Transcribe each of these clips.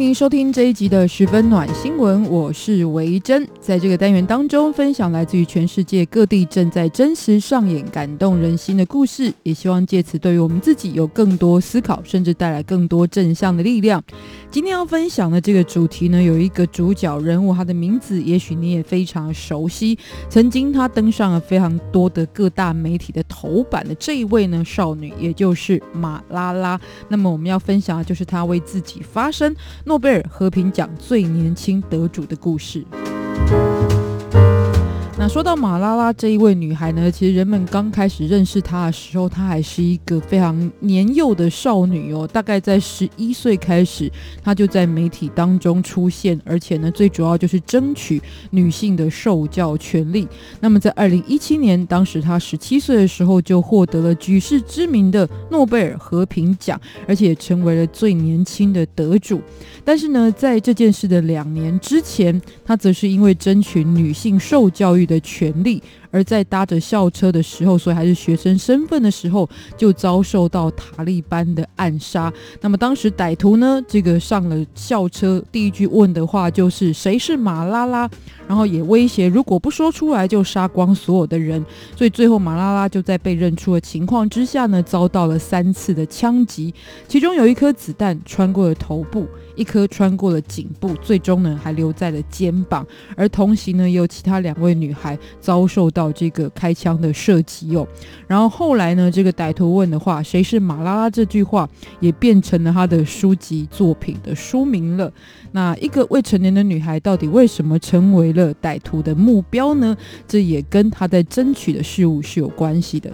歡迎您收聽這一集的十分暖新聞，我是維珍，在這個單元當中，分享來自於全世界各地正在真實上演感動人心的故事，也希望借此對於我們自己有更多思考，甚至帶來更多正向的力量。今天要分享的這個主題呢，有一個主角人物，他的名字也許你也非常熟悉。曾經他登上了非常多的各大媒體的頭版的這一位呢，少女，也就是馬拉拉。那麼我們要分享的就是他為自己發聲，諾貝爾和平獎最年輕得主的故事。那說到馬拉拉這一位女孩呢，其實人們剛開始認識她的時候，她還是一個非常年幼的少女哦，大概在十一歲開始，她就在媒體當中出現，而且呢，最主要就是爭取女性的受教權利。那麼在二零一七年，當時她十七歲的時候，就獲得了舉世知名的諾貝爾和平獎，而且成為了最年輕的得主。但是呢，在這件事的兩年之前，她則是因為爭取女性受教育。的權利，而在搭着校車的時候，所以還是學生身份的時候，就遭受到塔利班的暗殺。那麼當時歹徒呢，這個上了校車，第一句問的話就是誰是馬拉拉？然後也威脅，如果不說出來就殺光所有的人。所以最後馬拉拉就在被認出的情況之下呢，遭到了三次的槍擊，其中有一顆子彈穿過了頭部，一顆穿過了頸部，最終呢還留在了肩膀。而同時呢，也有其他兩位女孩遭受到這個開槍的射擊哦。然後後來呢，這個歹徒問的話，誰是馬拉拉這句話也變成了他的書籍作品的書名了。那一個未成年的女孩到底為什麼成為了？的歹徒的目標呢，這也跟他在爭取的事物是有關係的。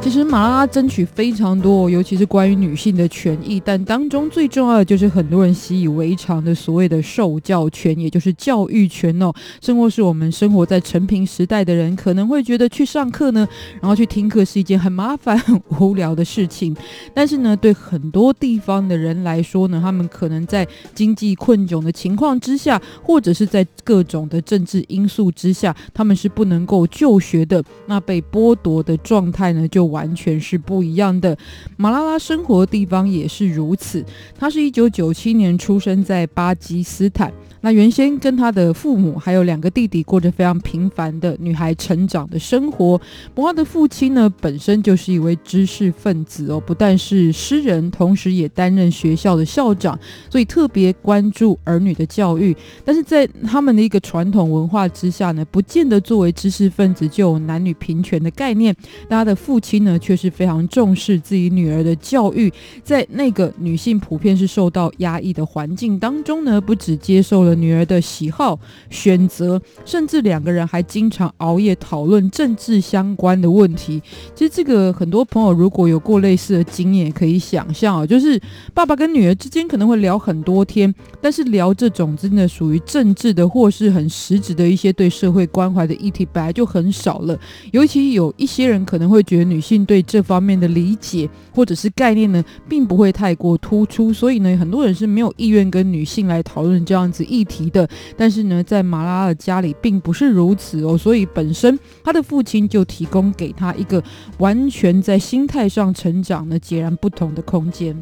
其實馬拉拉爭取非常多，尤其是關於女性的權益，但當中最重要的就是很多人習以為常的所謂的受教權，也就是教育權哦。生活是我們生活在成平時代的人，可能會覺得去上課呢，然後去聽課是一件很麻煩、很無聊的事情。但是呢，對很多地方的人來說呢，他們可能在經濟困窘的情況之下，或者是在各種的政治因素之下，他們是不能夠就學的。那被剝奪的狀態呢，就完全是不一樣的。馬拉拉生活的地方也是如此。他是一九九七年出生在巴基斯坦。那原先跟他的父母還有兩個弟弟過着非常平凡的女孩成長的生活。馬拉的父親呢，本身就是一位知識分子哦，不但是詩人，同時也擔任學校的校長，所以特別關注兒女的教育。但是在他們的一個傳統文化之下呢，不見得作為知識分子就有男女平權的概念。他的父親。呢，卻是非常重視自己女兒的教育，在那個女性普遍是受到壓抑的環境當中呢，不只接受了女兒的喜好選擇，甚至兩個人還經常熬夜討論政治相關的問題。其實這個很多朋友如果有過類似的經驗，可以想象，啊，就是爸爸跟女兒之間可能會聊很多天，但是聊這種真的屬於政治的或是很實質的一些對社會關懷的議題，本來就很少了。尤其有一些人可能會覺得女性對這方面的理解或者是概念呢，並不會太過突出，所以呢，很多人是沒有意願跟女性來討論這樣子議題的。但是呢，在馬拉拉的家裡並不是如此哦，所以本身他的父親就提供給他一個完全在心態上成長的截然不同的空間。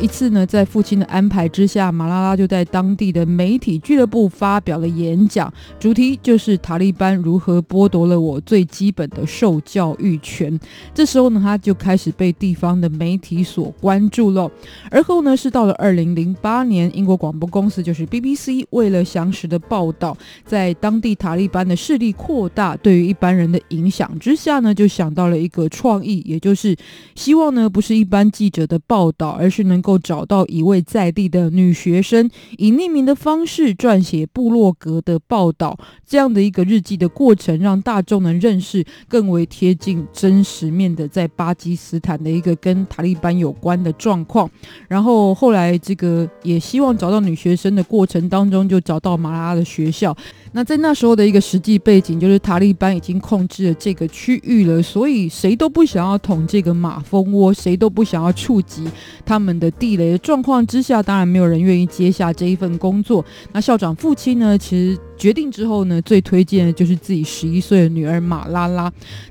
一次呢，在父親的安排之下，馬拉拉就在當地的媒體俱樂部發表了演講，主題就是塔利班如何剝奪了我最基本的受教育權。這時候呢，他就開始被地方的媒體所關注咯。而後呢，是到了二零零八年，英國廣播公司就是 BBC 為了詳實的報道，在當地塔利班的勢力擴大對於一般人的影響之下呢，就想到了一個創意，也就是希望呢不是一般記者的報道，而是呢。能夠找到一位在地的女學生，以匿名的方式撰寫部落格的報道，這樣的一個日記的過程，讓大眾能認識更為貼近真實面的在巴基斯坦的一個跟塔利班有關的狀況。然後後來這個也希望找到女學生的過程當中，就找到馬拉拉的學校。那在那時候的一個實際背景就是塔利班已經控制了這個區域了，所以誰都不想要捅這個馬蜂窩，誰都不想要觸及他們的地雷的狀況之下，當然沒有人願意接下這一份工作。那校長父親呢？其實。決定之後呢，最推薦的就是自己十一歲的女兒馬拉拉。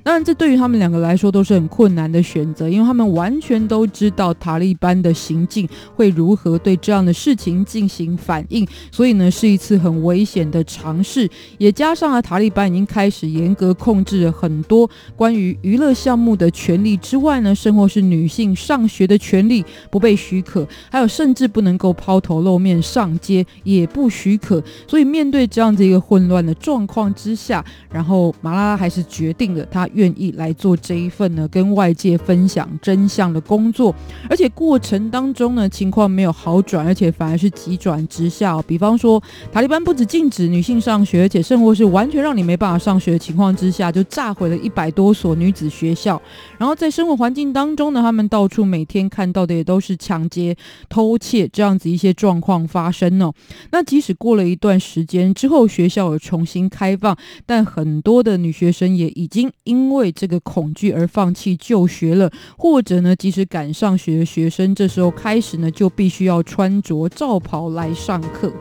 當然，這對於他們兩個來說都是很困難的選擇，因為他們完全都知道塔利班的行徑會如何對這樣的事情進行反應，所以呢，是一次很危險的嘗試。也加上了塔利班已經開始嚴格控制了很多關於娛樂項目的權利之外呢，甚或是女性上學的權利不被許可，還有甚至不能夠拋頭露面上街也不許可。所以面對這樣。這個混亂的狀況之下，然後馬拉拉還是決定了他願意來做這一份呢，跟外界分享真相的工作。而且過程當中呢，情況沒有好轉，而且反而是急轉直下哦。比方說，塔利班不止禁止女性上學，而且生活是完全讓你沒辦法上學的情況之下，就炸毀了一百多所女子學校。然後在生活環境當中呢，他們到處每天看到的也都是搶劫、偷竊這樣子一些狀況發生哦。那即使過了一段時間之後，學校有重新開放，但很多的女學生也已經因為這個恐懼而放棄就學了，或者呢，即使敢上學的學生，這時候開始呢，就必須要穿着罩袍來上課。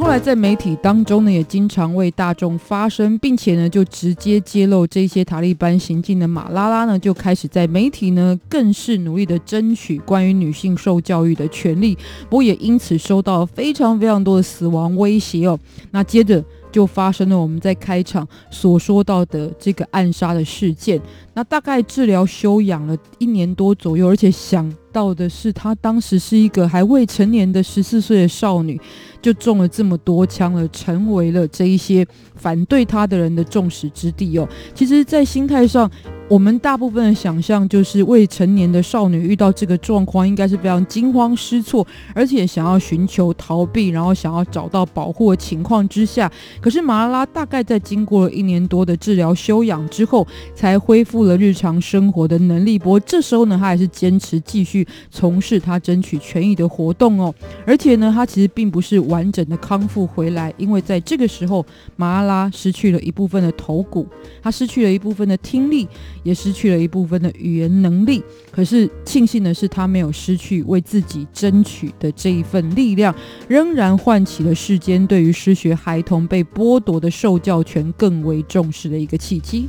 後來在媒體當中呢，也經常為大眾發聲，並且呢，就直接揭露這些塔利班行徑的馬拉拉呢，就開始在媒體呢，更是努力的爭取關於女性受教育的權利。不過也因此收到了非常非常多的死亡威脅哦。那接着。就發生了我們在開場所說到的這個暗殺的事件。那大概治療休養了一年多左右，而且想到的是，他當時是一個還未成年的十四歲的少女，就中了這麼多槍了，成為了這一些反對他的人的眾矢之的哦。其實，在心態上，我們大部分的想象就是未成年的少女遇到這個狀況，應該是非常驚慌失措，而且想要尋求逃避，然後想要找到保護的情況之下。可是馬拉拉大概在經過了一年多的治療休養之後，才恢復了日常生活的能力。不過這時候呢，他還是堅持繼續從事他爭取權益的活動哦。而且呢，他其實並不是完整的康復回來，因為在這個時候，馬拉拉失去了一部分的頭骨，他失去了一部分的聽力。也失去了一部分的語言能力，可是慶幸的是，他沒有失去為自己爭取的這一份力量，仍然喚起了世間對於失學孩童被剝奪的受教權更為重視的一個契機。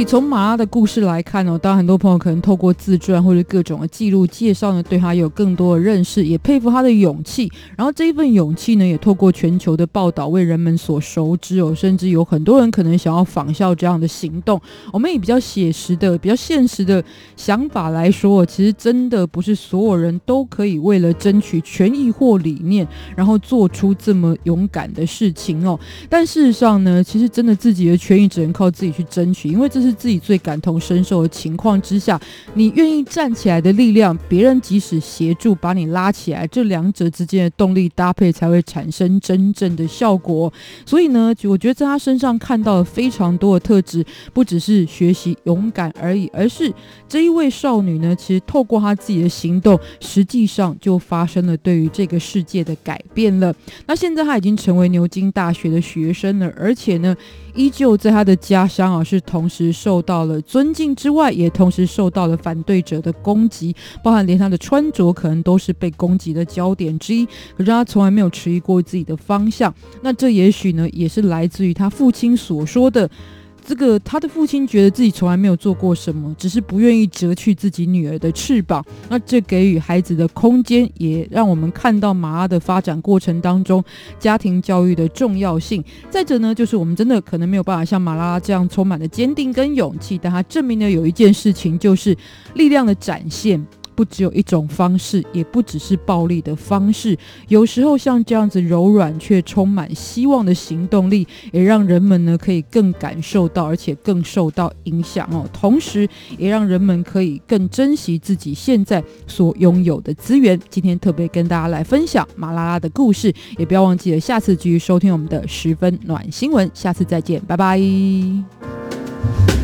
所以，從馬拉的故事來看哦，當然很多朋友可能透過自傳或者各種的記錄介紹呢，對他有更多的認識，也佩服他的勇氣。然後這一份勇氣呢，也透過全球的報道為人們所熟知哦，甚至有很多人可能想要仿效這樣的行動。我們以比較寫實的、比較現實的想法來說哦，其實真的不是所有人都可以為了爭取權益或理念，然後做出這麼勇敢的事情哦。但事實上呢，其實真的自己的權益只能靠自己去爭取，因為這是。自己最感同身受的情況之下，你願意站起來的力量，別人即使協助把你拉起來，這兩者之間的動力搭配才會產生真正的效果。所以呢，我覺得在她身上看到了非常多的特質，不只是學習勇敢而已，而是這一位少女呢，其實透過她自己的行動，實際上就發生了對於這個世界的改變了。那現在她已經成為牛津大學的學生了，而且呢。依舊在他的家鄉啊，是同時受到了尊敬之外，也同時受到了反對者的攻擊，包含連他的穿着可能都是被攻擊的焦點之一。可是他從來沒有遲疑過自己的方向，那這也許呢，也是來自於他父親所說的。這個，他的父親覺得自己從來沒有做過什麼，只是不願意折去自己女兒的翅膀。那這給予孩子的空間，也讓我們看到馬拉的發展過程當中家庭教育的重要性。再者呢，就是我們真的可能沒有辦法像馬拉拉這樣充滿了堅定跟勇氣，但他證明了有一件事情就是力量的展現。不只有一種方式，也不只是暴力的方式。有時候像這樣子柔軟卻充滿希望的行動力，也讓人們呢可以更感受到，而且更受到影響哦。同時也讓人們可以更珍惜自己現在所擁有的資源。今天特別跟大家來分享馬拉拉的故事，也不要忘記了下次繼續收聽我們的十分暖新聞。下次再見，拜拜。